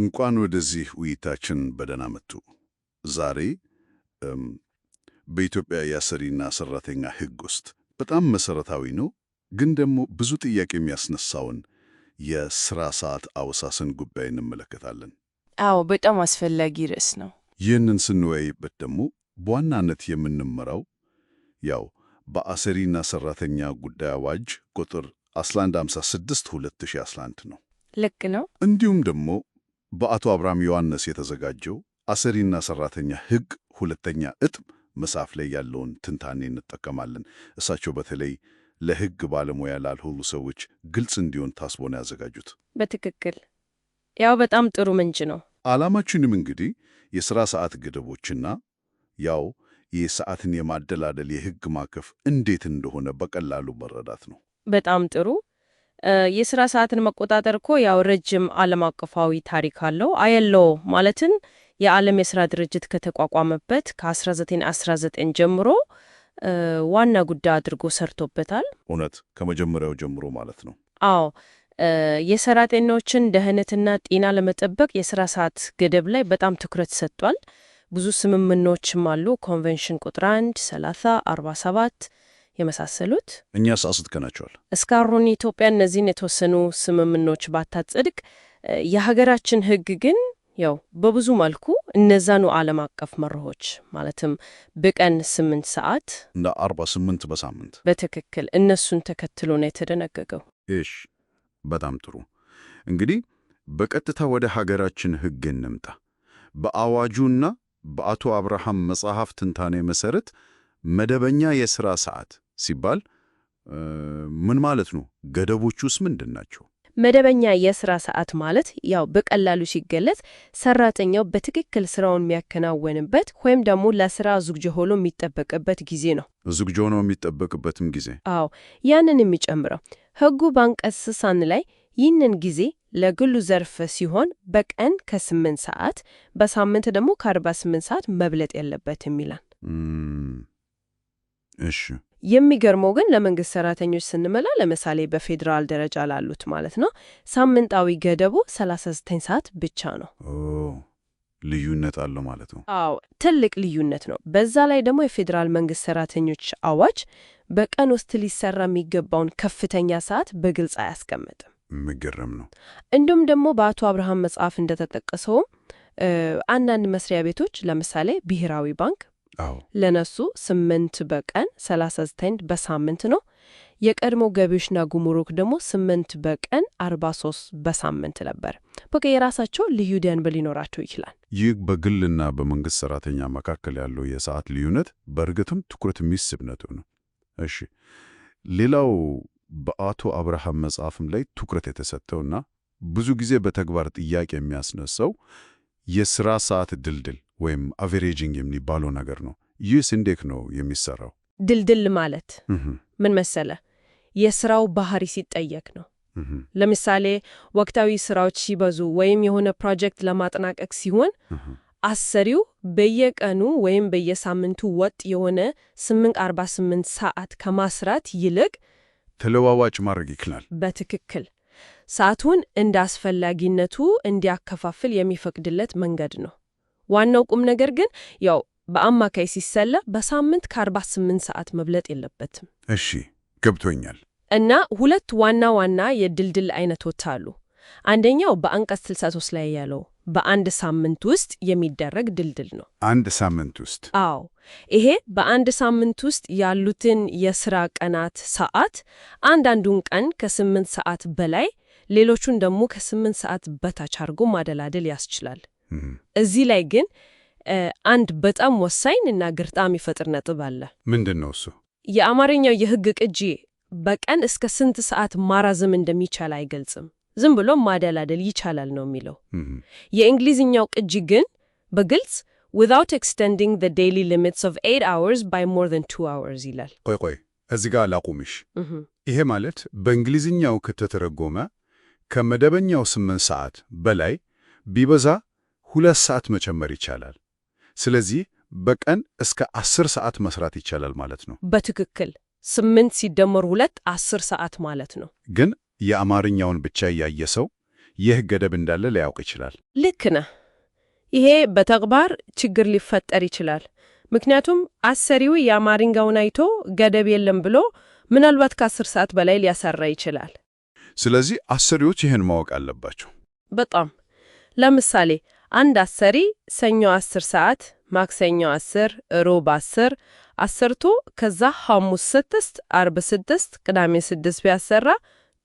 እንኳን ወደዚህ ውይይታችን በደህና መጡ። ዛሬ በኢትዮጵያ የአሰሪና ሰራተኛ ሕግ ውስጥ በጣም መሰረታዊ ነው ግን ደግሞ ብዙ ጥያቄ የሚያስነሳውን የስራ ሰዓት አወሳሰን ጉዳይ እንመለከታለን። አዎ በጣም አስፈላጊ ርዕስ ነው። ይህንን ስንወያይበት ደግሞ በዋናነት የምንመራው ያው በአሰሪና ሰራተኛ ጉዳይ አዋጅ ቁጥር 1156 2011 ነው። ልክ ነው። እንዲሁም ደግሞ በአቶ አብርሃም ዮሐንስ የተዘጋጀው አሰሪና ሰራተኛ ሕግ ሁለተኛ እጥም መጽሐፍ ላይ ያለውን ትንታኔ እንጠቀማለን። እሳቸው በተለይ ለሕግ ባለሙያ ላልሆኑ ሰዎች ግልጽ እንዲሆን ታስቦ ነው ያዘጋጁት። በትክክል ያው በጣም ጥሩ ምንጭ ነው። ዓላማችንም እንግዲህ የሥራ ሰዓት ገደቦችና ያው የሰዓትን የማደላደል የሕግ ማዕቀፍ እንዴት እንደሆነ በቀላሉ መረዳት ነው። በጣም ጥሩ የስራ ሰዓትን መቆጣጠር እኮ ያው ረጅም ዓለም አቀፋዊ ታሪክ አለው። አየሎ ማለትን የዓለም የስራ ድርጅት ከተቋቋመበት ከ1919 ጀምሮ ዋና ጉዳይ አድርጎ ሰርቶበታል። እውነት ከመጀመሪያው ጀምሮ ማለት ነው። አዎ የሰራተኞችን ደህንነትና ጤና ለመጠበቅ የስራ ሰዓት ገደብ ላይ በጣም ትኩረት ሰጥቷል። ብዙ ስምምኖችም አሉ። ኮንቬንሽን ቁጥር 1 30 47 የመሳሰሉት እኛ አስአጽድቀናቸዋል። እስካሁን ኢትዮጵያ እነዚህን የተወሰኑ ስምምኖች ባታጸድቅ፣ የሀገራችን ህግ ግን ያው በብዙ መልኩ እነዛኑ ዓለም አቀፍ መርሆች ማለትም በቀን ስምንት ሰዓት እንደ አርባ ስምንት በሳምንት በትክክል እነሱን ተከትሎ ነው የተደነገገው። እሽ፣ በጣም ጥሩ። እንግዲህ በቀጥታ ወደ ሀገራችን ህግ እንምጣ። በአዋጁና በአቶ አብርሃም መጽሐፍ ትንታኔ መሰረት መደበኛ የሥራ ሰዓት ሲባል ምን ማለት ነው? ውስጥ ምንድን ናቸው? መደበኛ የስራ ሰዓት ማለት ያው በቀላሉ ሲገለጽ ሰራተኛው በትክክል ስራውን የሚያከናወንበት ወይም ደግሞ ለስራ ዝግጁ ሆኖ የሚጠበቅበት ጊዜ ነው። ዝግጁ ሆኖ የሚጠበቅበትም ጊዜ አዎ፣ ያንን የሚጨምረው ህጉ በአንቀጽ ስሳን ላይ ይህንን ጊዜ ለግሉ ዘርፍ ሲሆን በቀን ከ8 ሰዓት በሳምንት ደግሞ ከ48 ሰዓት መብለጥ የለበትም ይላል። እሺ። የሚገርመው ግን ለመንግስት ሰራተኞች ስንመላ ለምሳሌ በፌዴራል ደረጃ ላሉት ማለት ነው ሳምንታዊ ገደቡ 39 ሰዓት ብቻ ነው። ልዩነት አለው ማለት ነው። አዎ ትልቅ ልዩነት ነው። በዛ ላይ ደግሞ የፌዴራል መንግስት ሰራተኞች አዋጅ በቀን ውስጥ ሊሰራ የሚገባውን ከፍተኛ ሰዓት በግልጽ አያስቀምጥም። የሚገርም ነው። እንዲሁም ደግሞ በአቶ አብርሃም መጽሐፍ እንደተጠቀሰውም አንዳንድ መስሪያ ቤቶች ለምሳሌ ብሔራዊ ባንክ ለነሱ ስምንት በቀን 39 በሳምንት ነው። የቀድሞ ገቢዎችና ጉምሩክ ደግሞ ስምንት በቀን 43 በሳምንት ነበር። በቃ የራሳቸው ልዩ ደንብ ሊኖራቸው ይችላል። ይህ በግልና በመንግስት ሰራተኛ መካከል ያለው የሰዓት ልዩነት በእርግጥም ትኩረት የሚስብ ነጥብ ነው። እሺ፣ ሌላው በአቶ አብርሃም መጽሐፍም ላይ ትኩረት የተሰጠውና ብዙ ጊዜ በተግባር ጥያቄ የሚያስነሳው የስራ ሰዓት ድልድል ወይም አቨሬጂንግ የሚባለው ነገር ነው። ይህስ እንዴት ነው የሚሰራው? ድልድል ማለት ምን መሰለ? የስራው ባህሪ ሲጠየቅ ነው። ለምሳሌ ወቅታዊ ስራዎች ሲበዙ ወይም የሆነ ፕሮጀክት ለማጠናቀቅ ሲሆን አሰሪው በየቀኑ ወይም በየሳምንቱ ወጥ የሆነ 848 ሰዓት ከማስራት ይልቅ ተለዋዋጭ ማድረግ ይክላል። በትክክል ሰዓቱን እንደ አስፈላጊነቱ እንዲያከፋፍል የሚፈቅድለት መንገድ ነው። ዋናው ቁም ነገር ግን ያው በአማካይ ሲሰላ በሳምንት ከ48 ሰዓት መብለጥ የለበትም። እሺ ገብቶኛል። እና ሁለት ዋና ዋና የድልድል አይነቶች አሉ። አንደኛው በአንቀጽ 63 ላይ ያለው በአንድ ሳምንት ውስጥ የሚደረግ ድልድል ነው። አንድ ሳምንት ውስጥ? አዎ። ይሄ በአንድ ሳምንት ውስጥ ያሉትን የስራ ቀናት ሰዓት፣ አንዳንዱን ቀን ከስምንት ሰዓት በላይ ሌሎቹን ደግሞ ከስምንት ሰዓት በታች አድርጎ ማደላደል ያስችላል። እዚህ ላይ ግን አንድ በጣም ወሳኝ እና ግርጣም ይፈጥር ነጥብ አለ። ምንድን ነው እሱ? የአማርኛው የህግ ቅጂ በቀን እስከ ስንት ሰዓት ማራዘም እንደሚቻል አይገልጽም። ዝም ብሎ ማደላደል ይቻላል ነው የሚለው። የእንግሊዝኛው ቅጂ ግን በግልጽ ዊዛውት ኤክስቴንዲንግ ዘ ዴይሊ ሊሚትስ ኦፍ ኤይት አወርስ ባይ ሞር ዘን ቱ አወርስ ይላል። ቆይ ቆይ እዚህ ጋር ላቁምሽ። ይሄ ማለት በእንግሊዝኛው ከተተረጎመ ከመደበኛው ስምንት ሰዓት በላይ ቢበዛ ሁለት ሰዓት መጨመር ይቻላል። ስለዚህ በቀን እስከ አስር ሰዓት መስራት ይቻላል ማለት ነው። በትክክል ስምንት ሲደመር ሁለት አስር ሰዓት ማለት ነው። ግን የአማርኛውን ብቻ እያየ ሰው ይህ ገደብ እንዳለ ሊያውቅ ይችላል። ልክ ነህ። ይሄ በተግባር ችግር ሊፈጠር ይችላል። ምክንያቱም አሰሪው የአማርኛውን አይቶ ገደብ የለም ብሎ ምናልባት ከአስር ሰዓት በላይ ሊያሰራ ይችላል። ስለዚህ አሰሪዎች ይህን ማወቅ አለባቸው። በጣም ለምሳሌ አንድ አሰሪ ሰኞ አስር ሰዓት፣ ማክሰኞ አስር፣ ሮብ አስር አሰርቶ ከዛ ሐሙስ ስድስት፣ አርብ ስድስት፣ ቅዳሜ ስድስት ቢያሰራ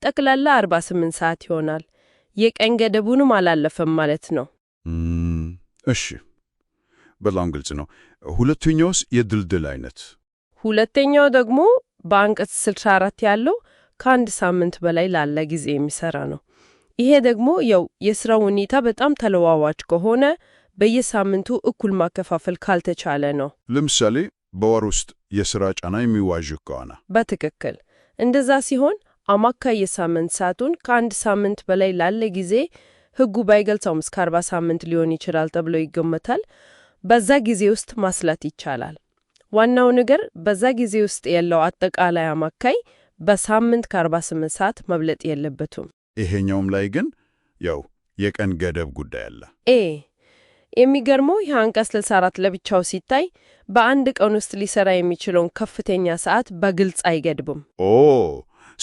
ጠቅላላ 48 ሰዓት ይሆናል። የቀን ገደቡንም አላለፈም ማለት ነው። እሺ፣ በጣም ግልጽ ነው። ሁለተኛውስ የድልድል አይነት? ሁለተኛው ደግሞ በአንቀጽ 64 ያለው ከአንድ ሳምንት በላይ ላለ ጊዜ የሚሰራ ነው። ይሄ ደግሞ ያው የስራው ሁኔታ በጣም ተለዋዋጭ ከሆነ በየሳምንቱ እኩል ማከፋፈል ካልተቻለ ነው። ለምሳሌ በወር ውስጥ የስራ ጫና የሚዋዥ ከሆነ በትክክል እንደዛ ሲሆን አማካይ የሳምንት ሰዓቱን ከአንድ ሳምንት በላይ ላለ ጊዜ ህጉ ባይገልጸውም እስከ 40 ሳምንት ሊሆን ይችላል ተብሎ ይገመታል። በዛ ጊዜ ውስጥ ማስላት ይቻላል። ዋናው ነገር በዛ ጊዜ ውስጥ ያለው አጠቃላይ አማካይ በሳምንት ከ48 ሰዓት መብለጥ የለበትም። ይሄኛውም ላይ ግን ያው የቀን ገደብ ጉዳይ አለ። ኤ የሚገርመው ይህ አንቀጽ 64 ለብቻው ሲታይ በአንድ ቀን ውስጥ ሊሰራ የሚችለውን ከፍተኛ ሰዓት በግልጽ አይገድብም። ኦ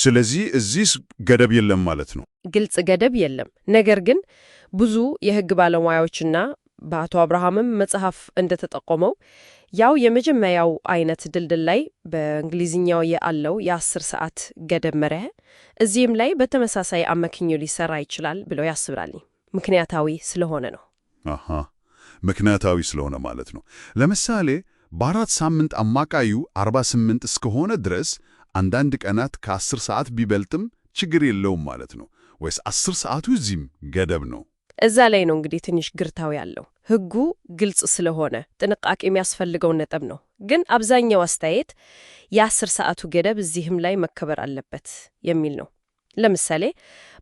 ስለዚህ እዚህ ገደብ የለም ማለት ነው። ግልጽ ገደብ የለም። ነገር ግን ብዙ የህግ ባለሙያዎችና በአቶ አብርሃምም መጽሐፍ እንደተጠቆመው ያው የመጀመሪያው አይነት ድልድል ላይ በእንግሊዝኛው ያለው የአስር ሰዓት ገደብ መርህ እዚህም ላይ በተመሳሳይ አመክንዮ ሊሰራ ይችላል ብለው ያስብራል። ምክንያታዊ ስለሆነ ነው። አሃ ምክንያታዊ ስለሆነ ማለት ነው። ለምሳሌ በአራት ሳምንት አማካዩ 48 እስከሆነ ድረስ አንዳንድ ቀናት ከአስር ሰዓት ቢበልጥም ችግር የለውም ማለት ነው ወይስ አስር ሰዓቱ እዚህም ገደብ ነው? እዛ ላይ ነው እንግዲህ ትንሽ ግርታው ያለው። ህጉ ግልጽ ስለሆነ ጥንቃቄ የሚያስፈልገው ነጥብ ነው። ግን አብዛኛው አስተያየት የአስር ሰዓቱ ገደብ እዚህም ላይ መከበር አለበት የሚል ነው። ለምሳሌ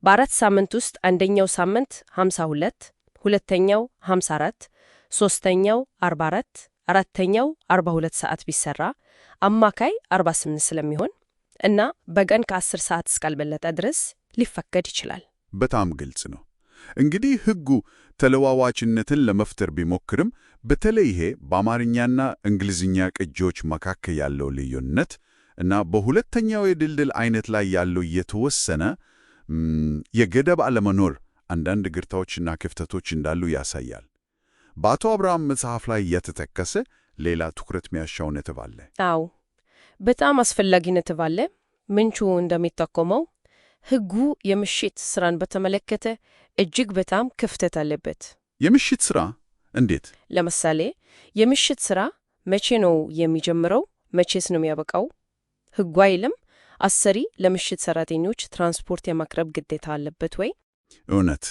በአራት ሳምንት ውስጥ አንደኛው ሳምንት 52፣ ሁለተኛው 54፣ ሶስተኛው 44፣ አራተኛው 42 ሰዓት ቢሰራ አማካይ 48 ስለሚሆን እና በቀን ከ10 ሰዓት እስካልበለጠ ድረስ ሊፈቀድ ይችላል። በጣም ግልጽ ነው። እንግዲህ ሕጉ ተለዋዋጭነትን ለመፍጠር ቢሞክርም በተለይ ይሄ በአማርኛና እንግሊዝኛ ቅጂዎች መካከል ያለው ልዩነት እና በሁለተኛው የድልድል አይነት ላይ ያለው የተወሰነ የገደብ አለመኖር አንዳንድ ግርታዎችና ክፍተቶች እንዳሉ ያሳያል። በአቶ አብርሃም መጽሐፍ ላይ የተጠቀሰ ሌላ ትኩረት የሚያሻው ነጥብ አለ። አዎ በጣም አስፈላጊ ባለ ምንቹ እንደሚጠቆመው ህጉ የምሽት ስራን በተመለከተ እጅግ በጣም ክፍተት አለበት። የምሽት ስራ እንዴት? ለምሳሌ የምሽት ስራ መቼ ነው የሚጀምረው? መቼስ ነው የሚያበቃው? ህጉ አይልም። አሰሪ ለምሽት ሰራተኞች ትራንስፖርት የማቅረብ ግዴታ አለበት ወይ? እውነት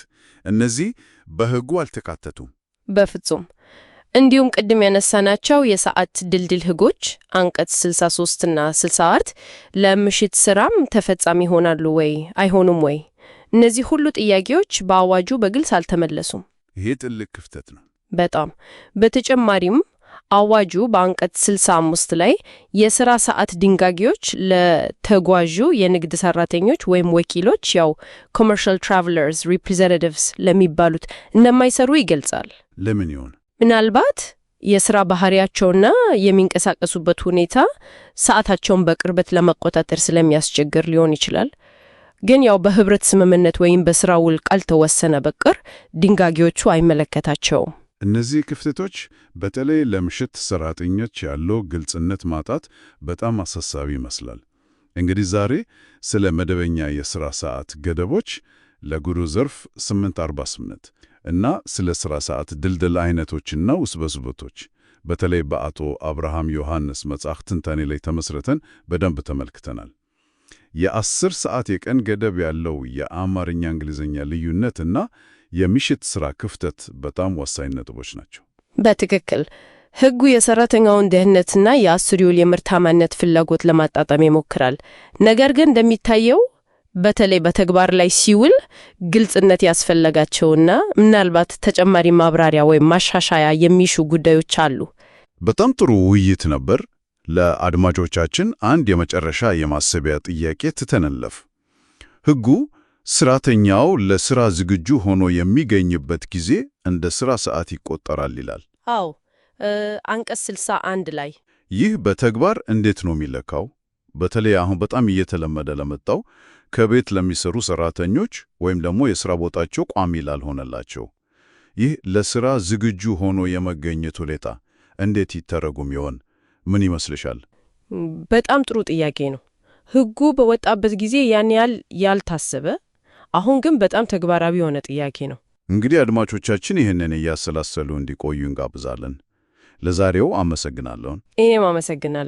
እነዚህ በህጉ አልተካተቱም በፍጹም። እንዲሁም ቅድም ያነሳናቸው የሰዓት ድልድል ህጎች አንቀጽ 63 እና 64 ለምሽት ስራም ተፈጻሚ ይሆናሉ ወይ አይሆኑም ወይ? እነዚህ ሁሉ ጥያቄዎች በአዋጁ በግልጽ አልተመለሱም። ይሄ ትልቅ ክፍተት ነው። በጣም በተጨማሪም አዋጁ በአንቀጽ 65 ላይ የስራ ሰዓት ድንጋጌዎች ለተጓዡ የንግድ ሰራተኞች ወይም ወኪሎች ያው ኮመርሻል ትራቨለርስ ሪፕሬዘንታቲቭስ ለሚባሉት እንደማይሰሩ ይገልጻል። ለምን ይሆን? ምናልባት የስራ ባህሪያቸውና የሚንቀሳቀሱበት ሁኔታ ሰዓታቸውን በቅርበት ለመቆጣጠር ስለሚያስቸግር ሊሆን ይችላል። ግን ያው በህብረት ስምምነት ወይም በስራ ውል ካልተወሰነ በቀር ድንጋጌዎቹ አይመለከታቸውም። እነዚህ ክፍተቶች በተለይ ለምሽት ሰራተኞች ያለው ግልጽነት ማጣት በጣም አሳሳቢ ይመስላል። እንግዲህ ዛሬ ስለ መደበኛ የሥራ ሰዓት ገደቦች ለጉሩ ዘርፍ 848 እና ስለ ሥራ ሰዓት ድልድል አይነቶችና ውስብስቦቶች በተለይ በአቶ አብርሃም ዮሐንስ መጽሐፍ ትንታኔ ላይ ተመስርተን በደንብ ተመልክተናል። የአስር ሰዓት የቀን ገደብ ያለው የአማርኛ እንግሊዝኛ ልዩነት እና የምሽት ሥራ ክፍተት በጣም ወሳኝ ነጥቦች ናቸው። በትክክል ሕጉ የሰራተኛውን ደህንነትና የአሰሪውን የምርታማነት ፍላጎት ለማጣጣም ይሞክራል። ነገር ግን እንደሚታየው በተለይ በተግባር ላይ ሲውል ግልጽነት ያስፈለጋቸውና ምናልባት ተጨማሪ ማብራሪያ ወይም ማሻሻያ የሚሹ ጉዳዮች አሉ። በጣም ጥሩ ውይይት ነበር። ለአድማጮቻችን አንድ የመጨረሻ የማሰቢያ ጥያቄ ትተነለፍ። ሕጉ ሥራተኛው ለሥራ ዝግጁ ሆኖ የሚገኝበት ጊዜ እንደ ሥራ ሰዓት ይቆጠራል ይላል። አዎ፣ አንቀጽ 61 ላይ ይህ በተግባር እንዴት ነው የሚለካው? በተለይ አሁን በጣም እየተለመደ ለመጣው ከቤት ለሚሰሩ ሰራተኞች ወይም ደግሞ የሥራ ቦታቸው ቋሚ ላልሆነላቸው። ይህ ለሥራ ዝግጁ ሆኖ የመገኘት ሁኔታ እንዴት ይተረጉም ይሆን? ምን ይመስልሻል? በጣም ጥሩ ጥያቄ ነው። ሕጉ በወጣበት ጊዜ ያን ያህል ያልታሰበ፣ አሁን ግን በጣም ተግባራዊ የሆነ ጥያቄ ነው። እንግዲህ አድማጮቻችን ይህንን እያሰላሰሉ እንዲቆዩ እንጋብዛለን። ለዛሬው አመሰግናለሁ። እኔም አመሰግናለሁ።